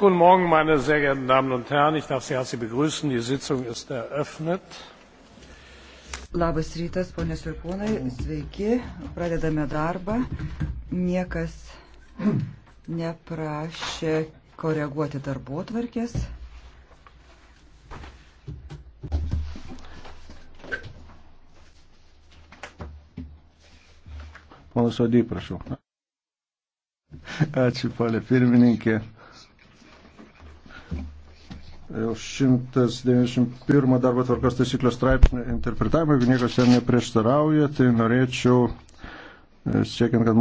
Guten Morgen, meine sehr geehrten Damen und Herren. Ich darf Sie herzlich begrüßen. Die Sitzung ist eröffnet. Labas rytas, ponios ir ponai, sveiki, pradedame darbą. Niekas neprašė koreguoti darbo tvarkės. Ponas Odį, prašau. Ačiū, palė pirmininkė. 191 darbo tvarkos taisyklio straipsnio interpretavimą, jeigu niekas jam neprieštarauja, tai norėčiau, e, siekiant, kad